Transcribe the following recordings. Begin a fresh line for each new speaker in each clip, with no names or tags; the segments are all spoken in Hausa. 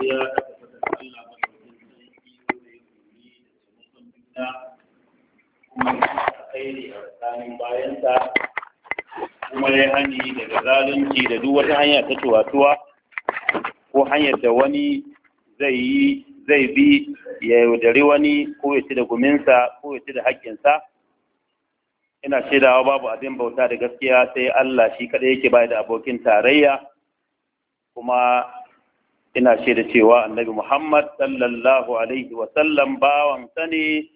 godiya da tabbatar Allah ba da wajen iyo wanda ya gumi da taimakon juna kuma ya alkhairi a tsakanin bayansa kuma ya hani daga zalunci da duk wata hanya ta tuwatuwa
ko hanyar da wani zai yi zai bi ya yaudari wani ko ya ci da guminsa ko ya ci da haƙƙinsa ina shaidawa babu abin bauta da gaskiya sai Allah shi kaɗai yake bai da abokin tarayya kuma ina shaida cewa annabi Muhammad sallallahu alaihi wa sallam bawan ne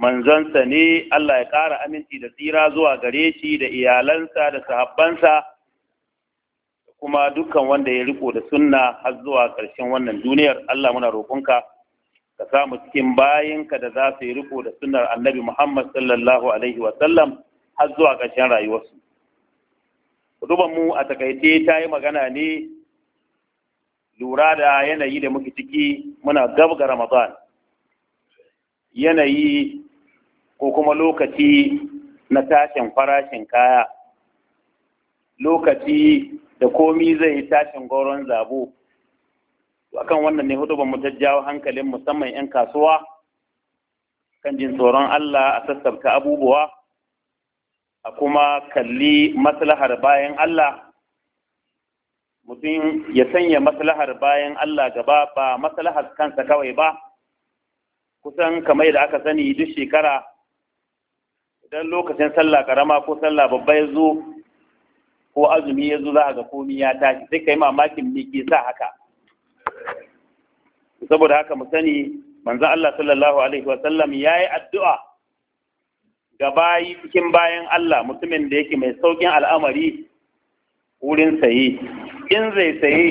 manzansa ne Allah ya ƙara aminci da tsira zuwa gare shi da iyalansa da sahabbansa kuma dukkan wanda ya riko da sunna har zuwa ƙarshen wannan duniyar Allah muna roƙonka ka samu cikin bayinka da za su yi riko da sunnar annabi Muhammad sallallahu alaihi wa sallam har zuwa ƙarshen rayuwarsu. Kuduban mu a takaice ta yi magana ne lura da yanayi da muke ciki muna gab ga Ramadan yanayi ko kuma lokaci na tashin farashin kaya lokaci da komi zai yi tashin goron zabo akan wannan ne hudu mu jawo hankalin musamman 'yan kasuwa kan jin tsoron Allah a sassabta abubuwa a kuma kalli maslahar bayan Allah mutum ya sanya maslahar bayan Allah gaba ba maslahar kansa kawai ba kusan kamar da aka sani duk shekara idan lokacin sallah karama ko sallah babba ya zo ko azumi ya zo za a ga komi ya tashi sai kai mamakin me ke sa haka saboda haka mu sani manzo Allah sallallahu alaihi wa sallam yayi addu'a ga bayi cikin bayan Allah mutumin da yake mai saukin al'amari wurin sayi in zai sayi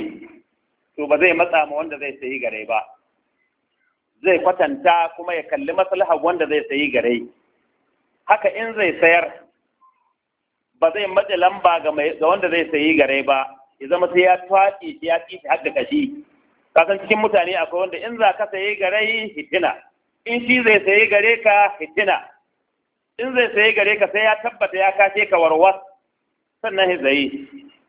to ba zai matsa ma wanda zai sayi gare ba zai kwatanta kuma ya kalli maslahar wanda zai sayi gare haka in zai sayar ba zai matsa lamba ga wanda zai sayi gare ba ya zama sai ya twaɗi ya kishi har da kashi kasan cikin mutane akwai wanda in za ka sayi gare hitina in shi zai sayi gare ka hitina in zai sayi gare ka sai ya tabbata ya kashe ka warwas sannan zai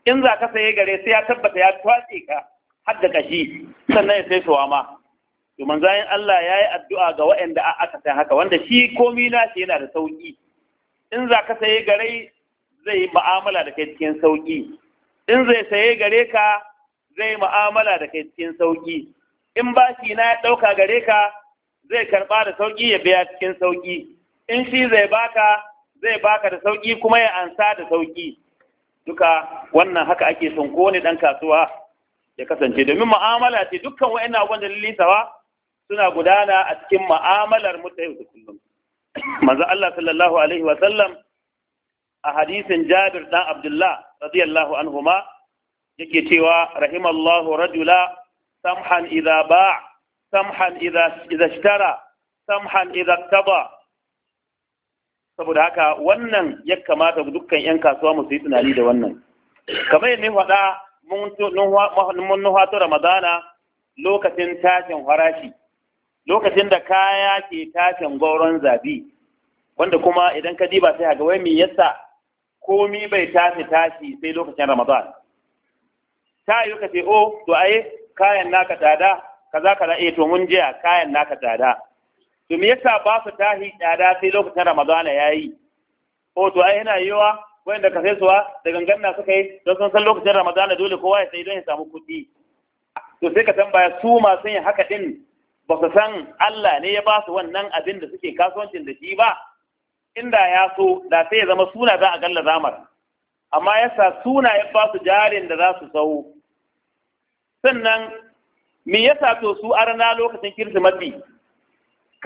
in za ka saye gare sai ya tabbata ya kwace ka har da kashi sannan ya sai suwa ma to manzayin Allah ya yi addu'a ga waɗanda aka san haka wanda shi komi na shi yana da sauƙi in za ka saye gare zai yi mu'amala da kai cikin sauƙi in zai saye gare ka zai mu'amala da kai cikin sauƙi in bashi na ya ɗauka gare ka zai karɓa da sauƙi ya biya cikin sauƙi in shi zai baka zai baka da sauƙi kuma ya ansa da sauƙi duka wannan haka ake son kowane ɗan kasuwa ya kasance domin mu'amala ce dukkan wa'ina abubuwan da suna gudana a cikin mu'amalar mu yau da kullum manzo Allah sallallahu alaihi wa sallam a hadisin Jabir dan Abdullah radiyallahu anhuma yake cewa rahimallahu rajula samhan idza ba' samhan idza idza ishtara samhan idza iqtada saboda haka wannan ya kamata dukkan 'yan kasuwa mu yi tunani da wannan kamar yadda faɗa mun nuhato ramadana lokacin tashin farashi lokacin da kaya ke tashin gauron zabi wanda kuma idan ka diba sai ga wai mai yasa komi bai tafi tashi sai lokacin Ramadana. ta yi ka ce o oh, to ai kayan naka tsada kaza kaza eh to mun jiya kayan naka tsada to me yasa ba su tahi tsada sai lokacin ramadana ya yi ko to ai yana yiwa wanda ka sai suwa da na suka yi don sun san lokacin ramadana dole kowa ya sai don ya samu kuɗi to sai ka tambaya su masu yin haka din ba su san Allah ne ya ba su wannan abin da suke kasuwancin da shi ba inda ya so da sai ya zama suna za a galla zamar amma yasa suna ya ba su jarin da za su sau sannan me yasa to su arna lokacin kirsimati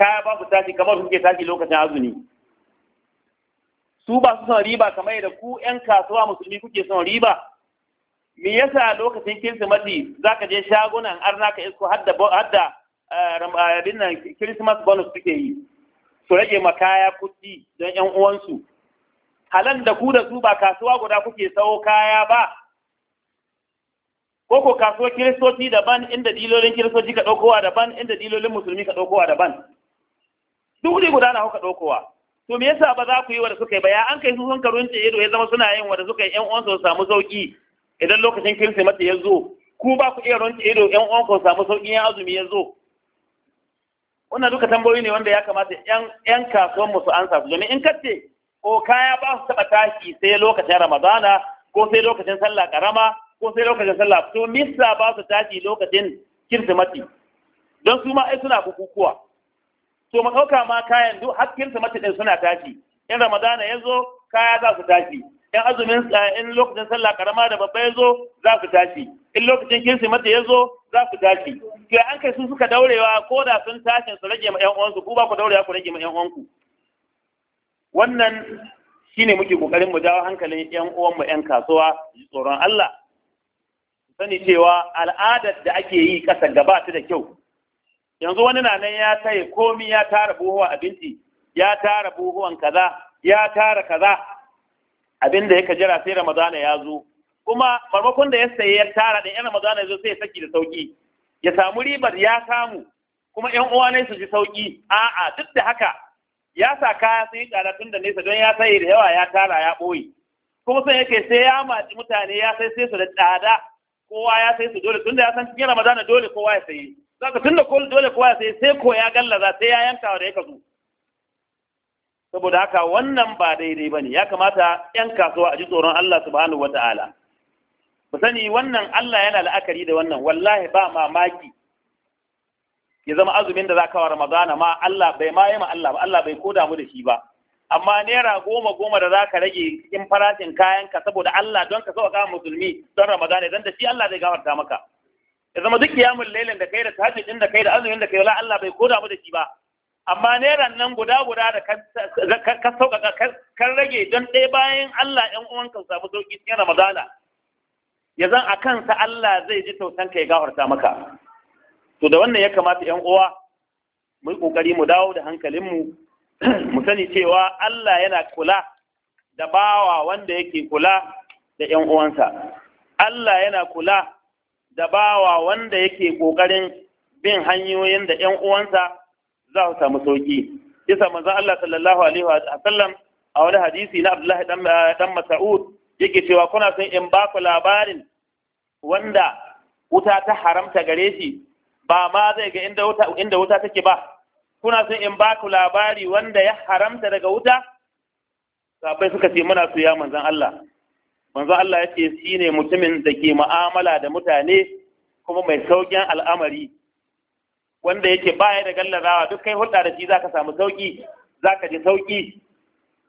kaya babu tashi kamar kuke tashi lokacin azumi su ba su son riba kamar yadda ku ƴan kasuwa musulmi kuke son riba me yasa lokacin kirsimati za ka je shagunan arna ka isko hadda hadda eh, eh, abin nan christmas bonus suke yi su rage makaya kuɗi don ƴan uwansu halan da ku da su ba kasuwa guda kuke sawo kaya ba ko ko kasuwar kiristoci daban inda dilolin kiristoci ka ɗaukowa daban inda dilolin musulmi ka ɗaukowa daban duk ne guda na hauka ɗaukowa to me yasa ba za ku yi wa da suka yi ba ya an kai su sun karunce ido ya zama suna yin wa da suka yi ƴan uwan su samu sauki idan lokacin kirsimeti ya zo ku ba ku iya runce ido ƴan uwan su samu sauki ya azumi ya zo wannan duka tambayoyi ne wanda ya kamata ƴan ƴan kasuwan mu su ansa su domin in kace ko kaya ba su taɓa tashi sai lokacin ramadana ko sai lokacin sallah karama ko sai lokacin sallah to misa ba su tashi lokacin kirsimati don su ma ai suna bukukuwa to mu ɗauka ma kayan duk hakkin su suna tashi in ramadana ya zo kaya za su tashi in azumin eh, in lokacin sallah karama da babba ya zo za su tashi in lokacin kirsimati ya zo za su tashi to an kai su suka daurewa ko da sun tashi su rage ma ƴan uwansu ku ba ku daurewa ku rage ma ƴan uwanku wannan shine muke kokarin mu jawo hankalin ƴan uwan mu ƴan kasuwa tsoron Allah sani cewa al'adar da ake yi kasa gaba ta da kyau yanzu wani na nan ya taye komi ya tara buhuwa abinci ya tara buhuwan kaza ya tara kaza abin da yake jira sai ramadana ya zo kuma marmakon da ya saye ya tara da yan ramadana ya zo sai ya saki da sauki ya samu ribar ya samu kuma yan uwa ne su ji sauki a'a duk da haka ya sa kaya sun yi tsada tun da nesa don ya saye da yawa ya tara ya ɓoye kuma sai yake sai ya maci mutane ya sai sai su da tsada kowa ya sai su dole tun da ya san cikin ramadana dole kowa ya saye saka tun da dole kowa ya sai sai ko ya gallaza sai ya yanka da ya kazu saboda haka wannan ba daidai bane ya kamata yan kasuwa a ji tsoron Allah subhanahu wataala ku sani wannan Allah yana la'akari da wannan wallahi ba mamaki ya zama azumin da za ka wa Ramadana ma Allah bai ma yi ma Allah ba Allah bai koda mu da shi ba amma naira goma goma da za ka rage in farashin ka saboda Allah don ka sauka musulmi don Ramadana idan da shi Allah zai gafarta maka ya zama duk kiyamun lailin da kai da tahajjud din da kai da azumin da kai la Allah bai koda mu da shi ba amma naira nan guda guda da ka sauƙaƙa kan rage don ɗaya bayan Allah ɗan uwan kan samu sauƙi cikin Ramadana ya zan a kansa Allah zai ji tausan ka ya gafarta maka to da wannan ya kamata ƴan uwa mu yi mu dawo da hankalinmu mu sani cewa Allah yana kula da bawa wanda yake kula da ƴan uwansa Allah yana kula da bawa wanda yake ƙoƙarin bin hanyoyin da ‘yan uwansa za su samu sauƙi. Isa manzon Allah sallallahu alaihi wa sallam a wani hadisi na Abdullahi eh, dan Mas'ud yake cewa kuna son in ba ku labarin wanda wuta ta haramta gare shi ba ma zai ga inda wuta inda wuta take ba kuna son in ba ku labari wanda ya haramta daga wuta sabai suka ce muna so ya manzan Allah manzo Allah ya ce shi ne mutumin da ke ma'amala da mutane kuma mai sauƙin al'amari wanda yake baya da gallazawa duk kai hulɗa da shi zaka samu sauƙi zaka ji sauƙi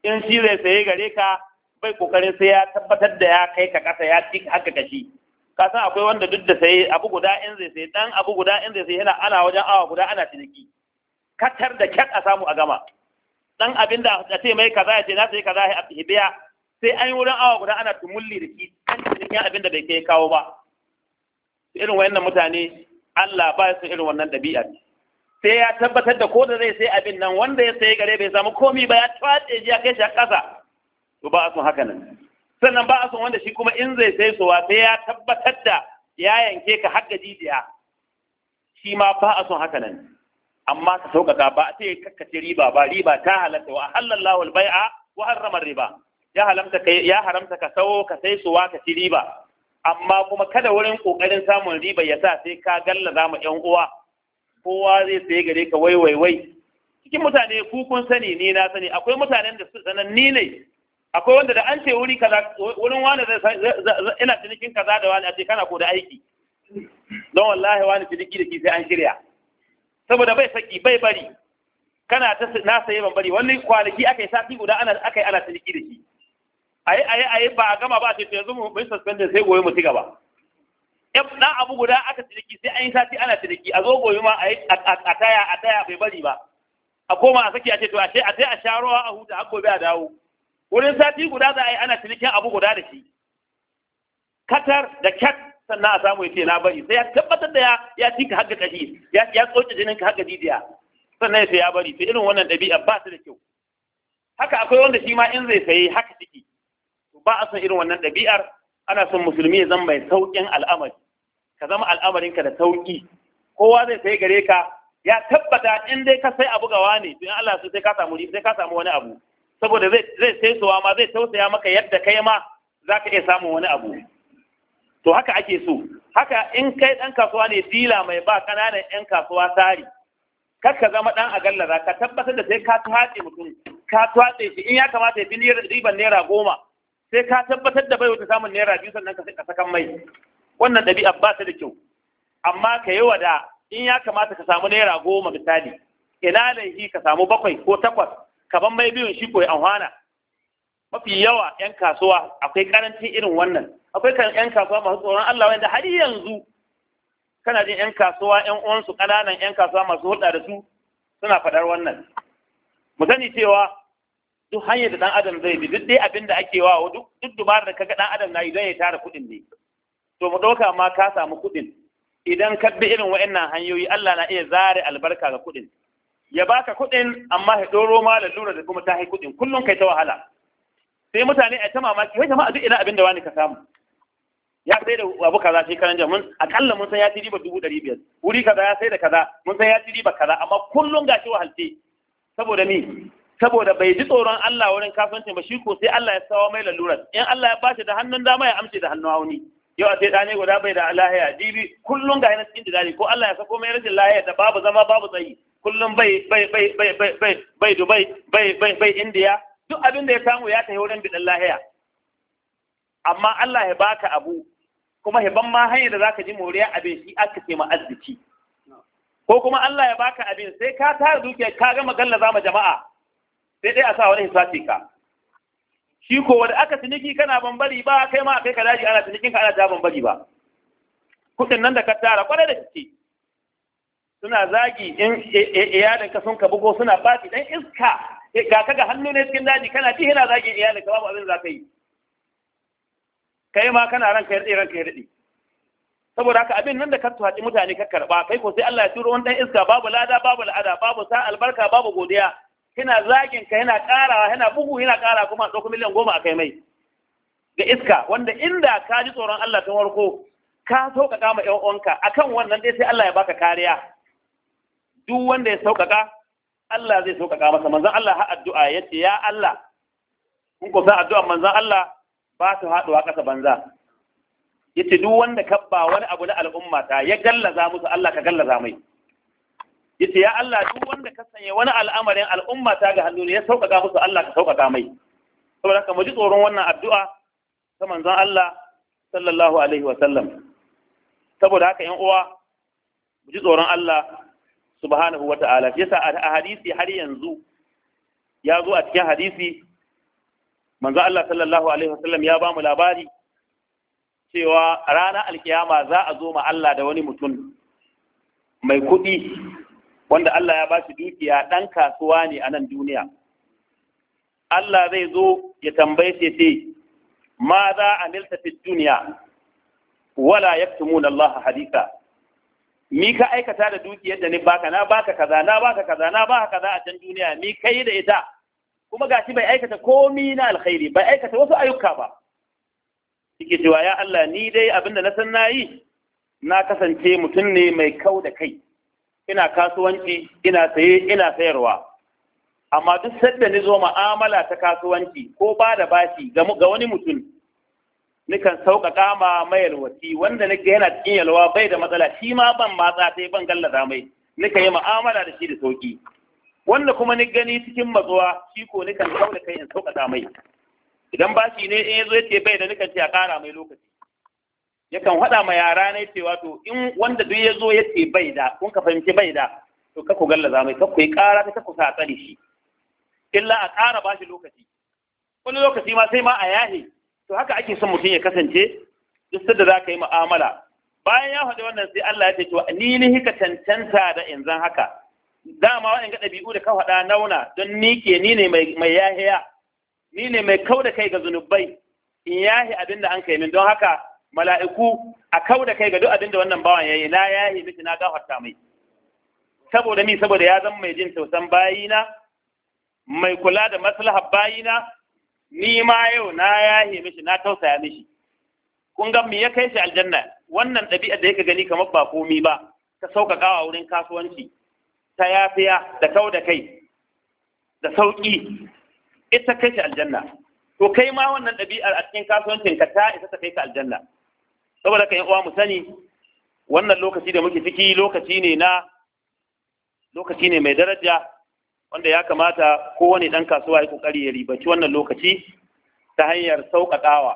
in shi zai saye gare ka bai kokarin sai ya tabbatar da ya kai ka ƙasa ya ci haka shi ka san akwai wanda duk da saye abu guda in zai saye dan abu guda in zai saye yana ana wajen awa guda ana ciniki katar da kyan a samu a gama dan abin da a ce mai kaza ya ce na sai kaza ya biya sai an yi wurin awa guda ana tumulli da shi an cikin abin da bai kai kawo ba irin wannan mutane Allah ba su irin wannan ɗabi'a sai ya tabbatar da ko da zai sai abin nan wanda ya sai gare bai samu komi ba ya tsace ji ya kai shi a ƙasa to ba a son haka nan sannan ba a son wanda shi kuma in zai sai suwa sai ya tabbatar da ya yanke ka har jijiya shi ma ba a son haka nan amma ka sauƙaƙa ba a ce kakkace riba ba riba ta halatta wa halallahu albai'a wa ramar riba ya haramta ka ya haramta ka sawo ka sai suwa ka ci riba amma kuma kada wurin kokarin samun riba ya sa sai ka gallaza mu 'yan uwa kowa zai sai gare ka wai wai wai cikin mutane ku kun sani ni na sani akwai mutanen da su ni ne akwai wanda da an ce wuri kaza wurin wani ina cinikin kaza da wani a ce kana ko da aiki don wallahi wani ciniki da ki sai an shirya saboda bai saki bai bari kana ta na sayi ban bari wani kwanaki aka yi sati guda ana aka yi ana ciniki da shi ayi ayi ayi ba a gama ba a ce yanzu mu bai suspended sai goyi mu ci gaba yab dan abu guda aka ciniki sai an yi sati ana ciniki a zo goyi ma a taya a taya bai bari ba a koma a saki a ce to a ce a sai a sharowa a huta har gobe a dawo wurin sati guda za a yi ana cinikin abu guda da shi katar da cat sannan a samu ya ce na bari sai ya tabbatar da ya ya ci har haka kashi ya ya tsoce jinin ka haka didiya sannan ya ce ya bari to irin wannan dabi'a ba su da kyau haka akwai wanda shi ma in zai sayi haka ciki ba a son irin wannan ɗabi'ar ana son musulmi ya zama mai sauƙin al'amari ka zama al'amarinka
da sauƙi
kowa zai sai gare ka ya tabbata in dai ka sai abu gawa ne in Allah sai ka samu sai ka samu wani abu saboda zai zai sai suwa ma zai tausaya maka yadda kai ma zaka iya samun wani abu to haka ake so haka in kai dan kasuwa ne dila mai ba kananan yan kasuwa tsari kar ka zama dan agallaza ka tabbatar da sai ka tuhatse mutum ka tuhatse shi in ya kamata ya bi riban naira goma sai ka tabbatar da baiwa ta samun naira biyu sannan ka saka sakan mai wannan ɗabi'a ba ta da kyau amma ka yi wada in ya kamata ka samu naira goma misali ina laifi ka samu bakwai ko takwas ka ban mai biyun shi koyi amfana mafi yawa 'yan kasuwa akwai karancin irin wannan akwai kan 'yan kasuwa masu tsoron Allah wanda har yanzu kana jin 'yan kasuwa 'yan uwansu kananan 'yan kasuwa masu hulɗa da su suna faɗar wannan mu sani cewa duk hanyar da dan adam zai bi duk dai abin da ake wa duk duk dubarar da kaga dan adam yi zai ya tara kuɗin ne to mu dauka ma ka samu kuɗin idan ka bi irin wa'annan hanyoyi Allah na iya zare albarka ga kuɗin ya baka kuɗin amma ya ɗoro ma lura da kuma ta hai kuɗin kullum kai ta wahala sai mutane a ta mamaki wai jama'a duk ina abin da wani ka samu ya sai da abu kaza kan karan mun akalla mun san ya ci riba dubu ɗari biyar wuri kaza ya sai da kaza mun san ya ci riba kaza amma kullum gashi wahalce saboda ni saboda bai ji tsoron Allah wurin kasuwancin ba shi ko sai Allah ya sawo mai lalurar in Allah ya bashi da hannun dama ya amce da hannun hauni yau a sai dane guda bai da lahiya dibi kullum ga yana cikin jidali ko Allah ya sako mai rashin lahiya da babu zama babu tsayi kullum bai bai bai bai bai bai bai Dubai bai bai bai India duk abin da ya samu ya tafi wurin bidan lahiya amma Allah ya baka abu kuma hiban ma hanyar da zaka ji moriya abin shi aka ce ma azziki ko kuma Allah ya baka abin sai ka tara dukiya ka gama gallaza ma jama'a sai dai a sa wani hisafi ka shi ko wanda aka tuniki kana bambari ba kai ma kai ka daji ana tunikin ka ana ta bambari ba kudin nan da ka tara kwarai da ciki suna zagi in iyalin ka sun ka bugo suna baki dan iska e, ga ka ga hannu ne cikin daji kana ji yana zagi iyalin ka babu abin za ka yi kai ma kana ranka ya daɗe ranka yarda daɗe saboda haka abin nan da ka tuhaci mutane ka karɓa kai ko sai Allah ya turo wani ɗan iska babu lada babu al'ada babu sa albarka babu godiya yana zagin ka yana karawa yana bugu yana kara kuma ɗauko miliyan goma a kai mai ga iska wanda inda ka ji tsoron Allah tun warko ka sauƙaƙa ma ƴan uwanka akan wannan dai sai Allah ya baka kariya duk wanda ya sauƙaƙa Allah zai sauƙaƙa masa manzon Allah ha addu'a yace ya Allah kun ko sa addu'a manzon Allah ba su haɗuwa ƙasa banza yace duk wanda ka ba wani abu na al'umma ta ya gallaza musu Allah ka gallaza mai yace ya Allah duk wanda ka sanya wani al'amarin al'umma ta ga hannu ya sauƙaƙa musu Allah ka sauƙaƙa mai saboda haka mu ji tsoron wannan addu'a ta manzon Allah sallallahu alaihi wa sallam saboda haka ƴan uwa mu ji tsoron Allah subhanahu wa ta'ala yasa a hadisi har yanzu ya zo a cikin hadisi manzo Allah sallallahu alaihi wa sallam ya ba mu labari cewa ranar alkiyama za a zo ma Allah da wani mutum mai kuɗi wanda Allah ya bashi dukiya ɗan kasuwa ne a nan duniya Allah zai zo ya tambaye shi ce ma za a milta fi duniya wala yaktumuna Allah hadisa mi ka aikata da dukiyar da ni baka na baka kaza na baka kaza na baka kaza a can duniya mi kai da ita kuma gashi bai aikata komi na alkhairi bai aikata wasu ayyuka ba yake cewa ya Allah ni dai abinda na san na yi, na kasance mutum ne mai kau da kai ina kasuwanci ina saye ina sayarwa amma duk sadda ni zo ma'amala ta kasuwanci ko ba da bashi ga wani mutum nikan sauƙaƙa ma mayalwaci wanda nake yana cikin yalwa bai da matsala shi ma ban matsa sai ban gallaza mai nika yi ma'amala da shi da sauƙi wanda kuma ni gani cikin matsuwa shi ko nikan kaula kai in sauƙaƙa mai idan bashi ne in yazo yace bai da nikan ce a ƙara mai lokaci yakan haɗa ma yara ne cewa to in wanda duk ya zo ya ce bai da kun ka fahimci bai da to ka ku gallaza mai ka ku yi ƙara ta ku sa tsare shi illa a kara ba shi lokaci wani lokaci ma sai ma a yahe to haka ake son mutum ya kasance duk da za ka yi mu'amala bayan ya faɗi wannan sai Allah ya ce to ni ni hika cancanta da in zan haka dama ga ɗabi'u da ka faɗa nauna don ni ke ni ne mai yahiya ni ne mai kau da kai ga zunubai in yahi abinda da an kai min don haka mala'iku a kau da kai ga duk abinda da wannan bawan yayi na ya yi miki na gafarta mai saboda mi saboda ya zama mai jin tausan bayina mai kula da maslahar bayina ni ma yau na ya yi mishi na tausaya mishi kun ga me ya kai shi aljanna wannan ɗabi'ar da yake gani kamar ba komi ba ta sauƙaƙawa wurin kasuwanci ta yafiya da kau da kai da sauƙi ita kai shi aljanna to kai ma wannan ɗabi'ar a cikin kasuwancin ka ta isa ta kai ka aljanna saboda kan uwa mu sani wannan lokaci da muke ciki lokaci ne na lokaci ne mai daraja wanda ya kamata kowane ɗan kasuwa ya kokari ya ribaci wannan lokaci ta hanyar sauƙaƙawa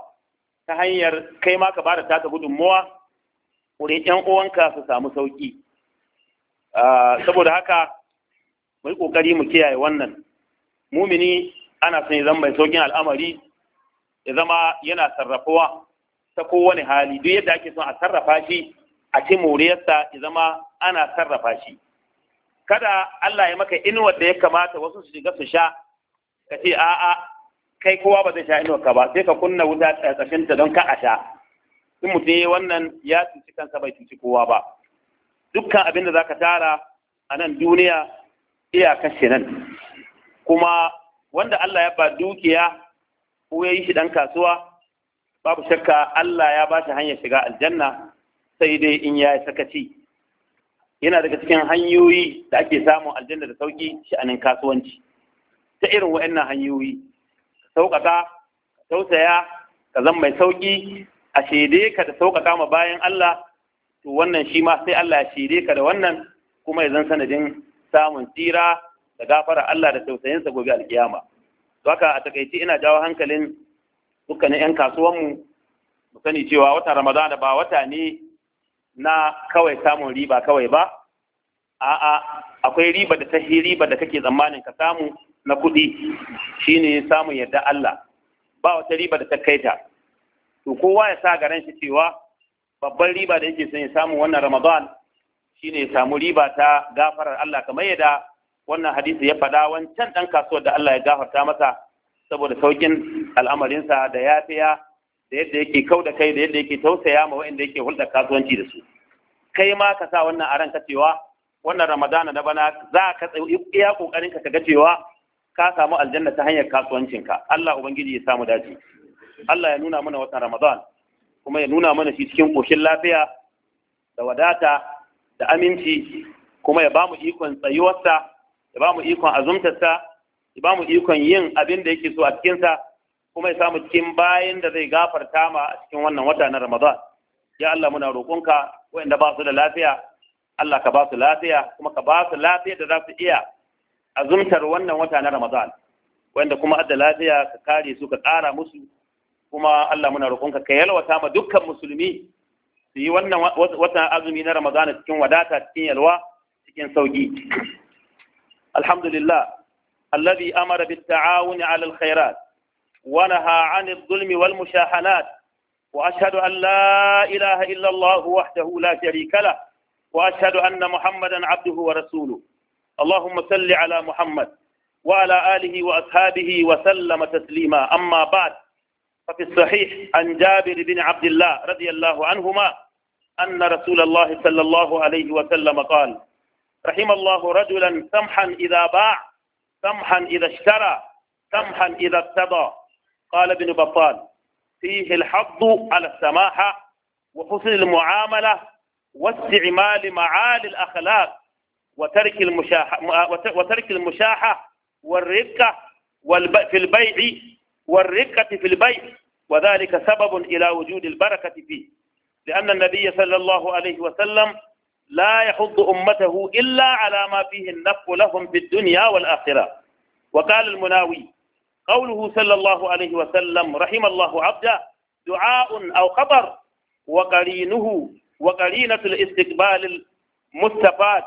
ta hanyar kai ma ka bada taka gudunmuwa wurin ƴan uwanka su samu sauƙi saboda haka mu yi kokari mu kiyaye wannan mumini ana son ya zama mai sauƙin al'amari ya zama yana sarrafuwa ta kowane hali duk yadda ake son a sarrafa shi a ce moriyarsa ya zama ana sarrafa shi kada Allah ya maka inuwar da ya kamata wasu su shiga su sha ka ce a'a kai kowa ba zai sha inuwar ka ba sai ka kunna wuta ƙarƙashin ta don ka a sha in mutum ya wannan ya cuci kansa bai cuci kowa ba dukkan abin da ka tara a nan duniya iya kashe nan kuma wanda Allah ya ba dukiya ko ya yi shi ɗan kasuwa babu shakka Allah ya ba shi hanyar shiga aljanna sai dai in ya sakaci yana daga cikin hanyoyi da ake samun aljanna da sauki sha'anin kasuwanci ta irin waɗannan hanyoyi sauƙaƙa tausaya ka zan mai sauƙi a shaide ka da sauƙaƙa ma bayan Allah to wannan shi ma sai Allah ya shaide ka da wannan kuma ya zan sanadin samun tsira da gafara Allah da tausayinsa gobe alkiyama to haka a takaice ina jawo hankalin dukkanin 'yan kasuwanmu mu sani cewa wata ramadana ba wata ne na kawai samun riba kawai ba a'a akwai riba da ta riba da kake tsammanin ka samu na kuɗi shine samun yadda Allah ba wata riba da ta kai ta to kowa ya sa garan shi cewa babban riba da yake son ya samu wannan Ramadan shine ya samu riba ta gafarar Allah kamar yadda wannan hadisi ya faɗa wancan ɗan kasuwar da Allah ya gafarta masa saboda saukin al'amarinsa da yafiya da yadda yake kau da kai da yadda yake tausaya ma wa'anda yake hulɗa kasuwanci da su kai ma ka sa wannan aran ka cewa wannan ramadana na bana za ka iya kokarin ka ga cewa ka samu aljanna ta hanyar kasuwancinka Allah ubangiji ya samu dace Allah ya nuna mana watan Ramadan kuma ya nuna mana shi cikin koshin lafiya da wadata da aminci kuma ya bamu ikon tsayuwarsa ya bamu ikon azumtarsa ya ba mu ikon yin abin da yake so a cikinsa kuma ya samu cikin bayan da zai gafarta ma a cikin wannan wata na Ramadan ya Allah muna roƙonka waɗanda ba su da lafiya Allah ka ba su lafiya kuma ka ba su lafiya da za su iya azumtar wannan wata na Ramadan wanda kuma adda lafiya ka kare su ka ƙara musu kuma Allah muna roƙonka ka yalwata ma dukkan musulmi su yi wannan wata azumi na Ramadana cikin wadata cikin yalwa cikin sauki alhamdulillah الذي أمر بالتعاون على الخيرات ونهى عن الظلم والمشاحنات وأشهد أن لا إله إلا الله وحده لا شريك له وأشهد أن محمدا عبده ورسوله اللهم صل على محمد وعلى آله وأصحابه وسلم تسليما أما بعد ففي الصحيح عن جابر بن عبد الله رضي الله عنهما أن رسول الله صلى الله عليه وسلم قال رحم الله رجلا سمحا إذا باع سمحا إذا اشترى سمحا إذا ارتضى قال ابن بطال فيه الحظ على السماحة وحسن المعاملة واستعمال معالي الأخلاق وترك المشاحة وترك المشاحة والرقة في البيع والرقة في البيع وذلك سبب إلى وجود البركة فيه لأن النبي صلى الله عليه وسلم لا يحض أمته إلا على ما فيه النفع لهم في الدنيا والآخرة وقال المناوي قوله صلى الله عليه وسلم رحم الله عبدا دعاء أو خطر وقرينه وقرينة الاستقبال المستفاد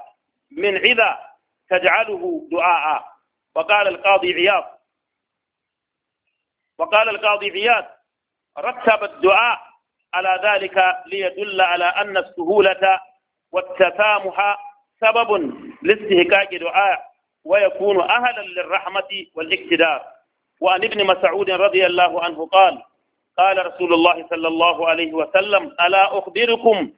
من عذا تجعله دعاء وقال القاضي عياض وقال القاضي عياض رتب الدعاء على ذلك ليدل على أن السهولة والتسامح سبب لاستهكاك دعاء ويكون أهلا للرحمة والاقتدار وعن ابن مسعود رضي الله عنه قال قال رسول الله صلى الله عليه وسلم ألا أخبركم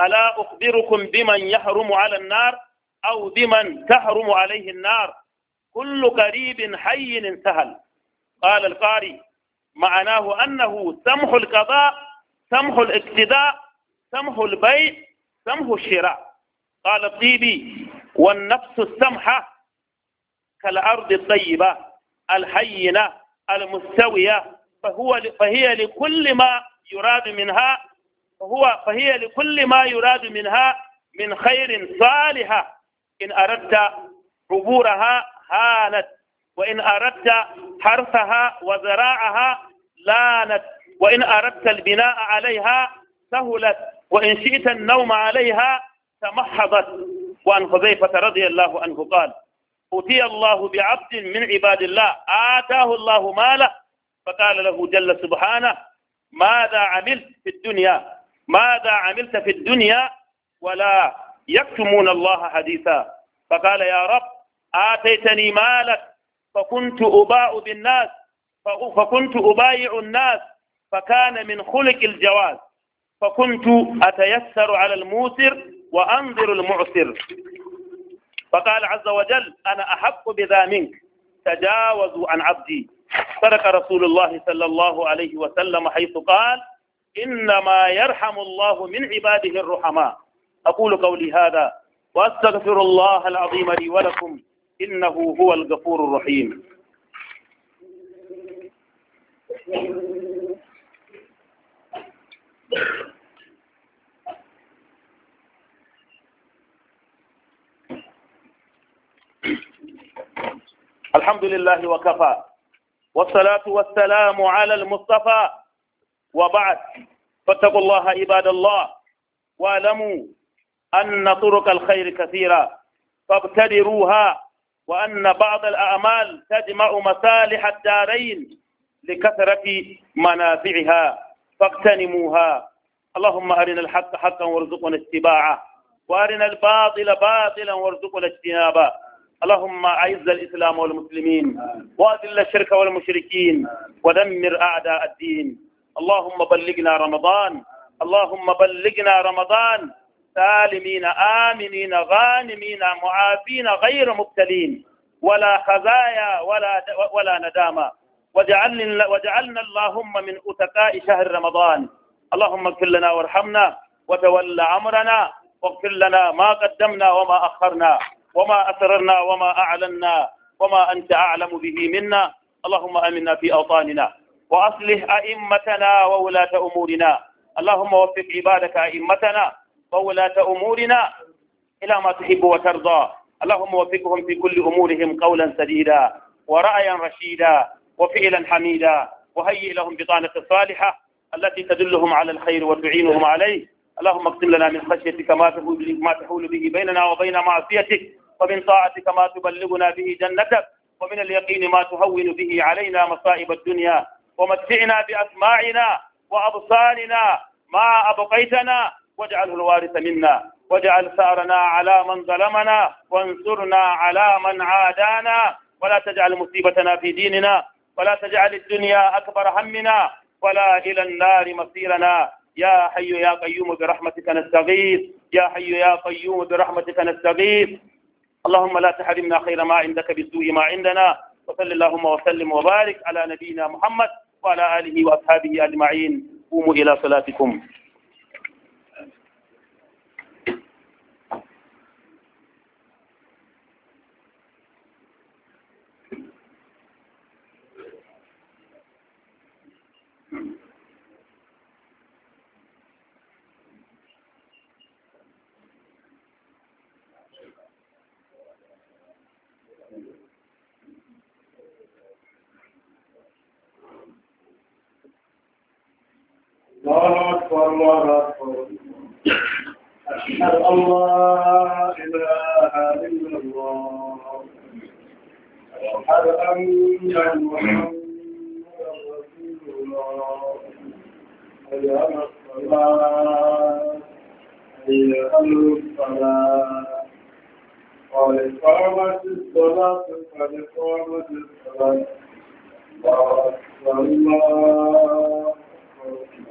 ألا أخبركم بمن يحرم على النار أو بمن تحرم عليه النار كل قريب حي سهل قال القاري معناه أنه سمح القضاء سمح الاقتداء سمح البيع سمح الشراء قال الطيبي والنفس السمحة كالأرض الطيبة الحينة المستوية فهو فهي لكل ما يراد منها فهو فهي لكل ما يراد منها من خير صالحة إن أردت عبورها هانت وإن أردت حرثها وزراعها لانت وإن أردت البناء عليها سهلت وإن شئت النوم عليها تمحضت وعن حذيفة رضي الله عنه قال أتي الله بعبد من عباد الله آتاه الله ماله فقال له جل سبحانه ماذا عملت في الدنيا ماذا عملت في الدنيا ولا يكتمون الله حديثا فقال يا رب آتيتني مالك فكنت أباء بالناس فكنت أبايع الناس فكان من خلق الجواز فكنت أتيسر على الموسر وأنظر المعسر فقال عز وجل أنا أحق بذا منك تجاوزوا عن عبدي ترك رسول الله صلى الله عليه وسلم حيث قال إنما يرحم الله من عباده الرحماء أقول قولي هذا وأستغفر الله العظيم لي ولكم إنه هو الغفور الرحيم
Thank you. الحمد
لله وكفى والصلاة والسلام على المصطفى وبعد فاتقوا الله عباد الله واعلموا أن طرق الخير كثيرة فابتدروها وأن بعض الأعمال تجمع مصالح الدارين لكثرة منافعها فاغتنموها اللهم أرنا الحق حقا وارزقنا اتباعه وأرنا الباطل باطلا وارزقنا اجتنابه اللهم أعز الإسلام والمسلمين وأذل الشرك والمشركين ودمر أعداء الدين اللهم بلغنا رمضان اللهم بلغنا رمضان سالمين آمنين غانمين معافين غير مبتلين ولا خزايا ولا ولا ندامة وجعلنا وجعلنا اللهم من أتقاء شهر رمضان اللهم اغفر لنا وارحمنا وتول أمرنا واغفر لنا ما قدمنا وما أخرنا وما أسررنا وما أعلنا وما أنت أعلم به منا اللهم أمنا في أوطاننا وأصلح أئمتنا وولاة أمورنا اللهم وفق عبادك أئمتنا وولاة أمورنا إلى ما تحب وترضى اللهم وفقهم في كل أمورهم قولا سديدا ورأيا رشيدا وفعلا حميدا وهيئ لهم بطانة الصالحة التي تدلهم على الخير وتعينهم عليه اللهم اقسم لنا من خشيتك ما تحول ما تحول به بيننا وبين معصيتك ومن طاعتك ما تبلغنا به جنتك ومن اليقين ما تهون به علينا مصائب الدنيا ومتعنا بأسماعنا وأبصارنا ما أبقيتنا واجعله الوارث منا واجعل ثارنا على من ظلمنا وانصرنا على من عادانا ولا تجعل مصيبتنا في ديننا ولا تجعل الدنيا أكبر همنا ولا إلى النار مصيرنا يا حي يا قيوم برحمتك نستغيث يا حي يا قيوم برحمتك نستغيث اللهم لا تحرمنا خير ما عندك بسوء ما عندنا وصل اللهم وسلم وبارك على نبينا محمد وعلى آله وأصحابه أجمعين قوموا إلى صلاتكم
الله أكبر أشهد أن لا إله إلا الله أشهد أن محمدا رسول الله أيام الصلاة أيام الصلاة قد قامت الصلاة قد قامت الصلاة الله أكبر الله أكبر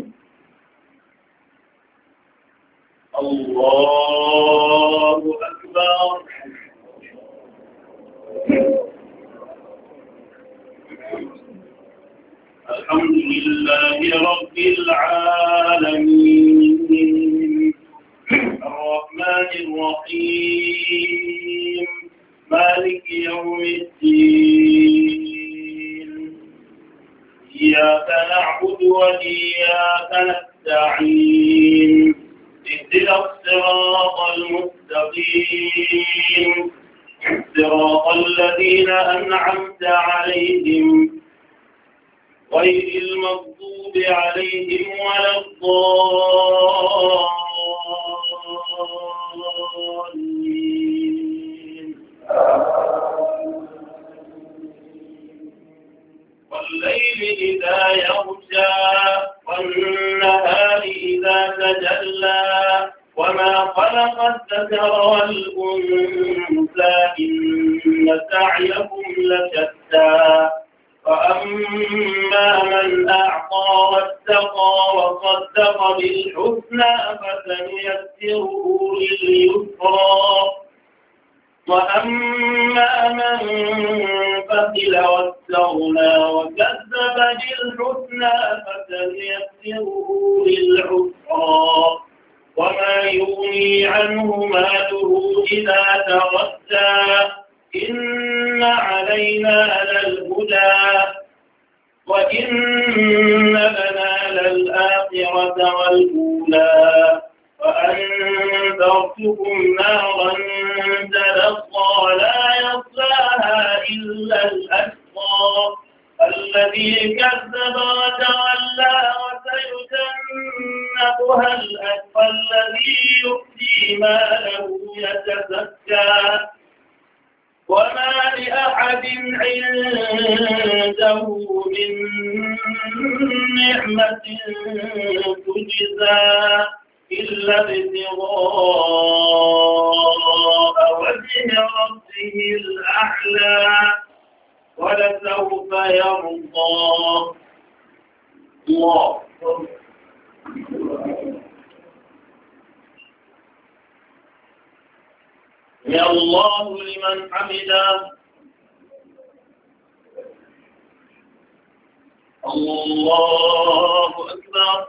المغضوب عليهم ولا الضالين وإن لنا للآخرة والأولى وأنذرتكم نارا تلقى لا يصلاها إلا الأشقى الذي كذب وتولى وسيجنبها الأشقى الذي يؤتي ماله يتزكى وما لأحد عنده من نعمة تجزى إلا ابتغاء وجه ربه الأعلى ولسوف يرضى الله سمع الله لمن حمدا الله أكبر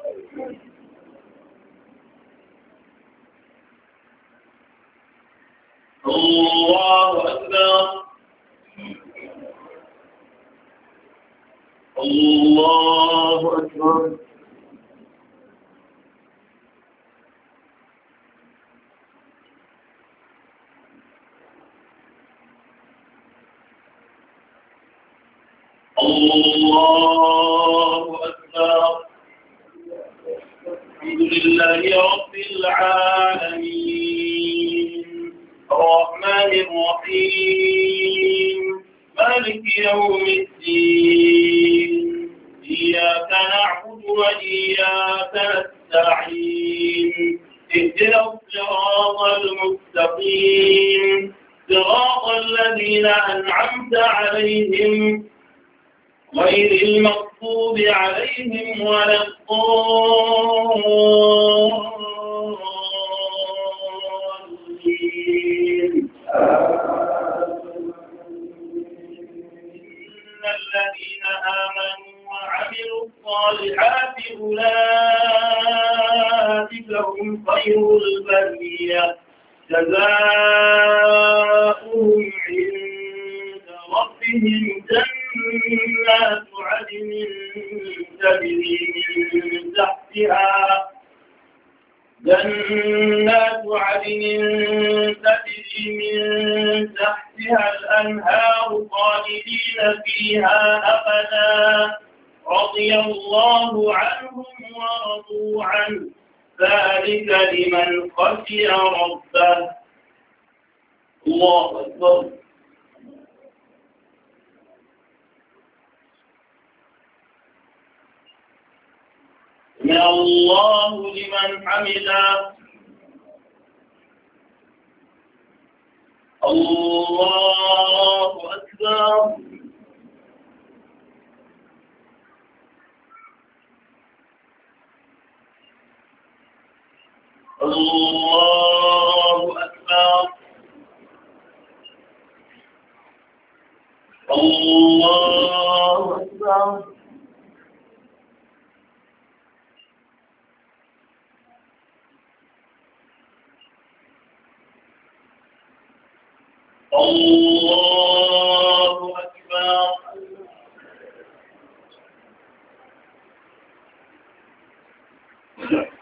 عليهم غير المغضوب عليهم ولا الضالين إن الذين آمنوا وعملوا الصالحات أولئك هم خير البرية جزاؤهم بهم جنات عدن تجري من تحتها جنات عدن تجري من تحتها الأنهار خالدين فيها أبدا رضي الله عنهم ورضوا عنه ذلك لمن خشي ربه الله أكبر
الله
لمن حمده الله أكبر
الله أكبر
الله أكبر الله أكبر Yeah.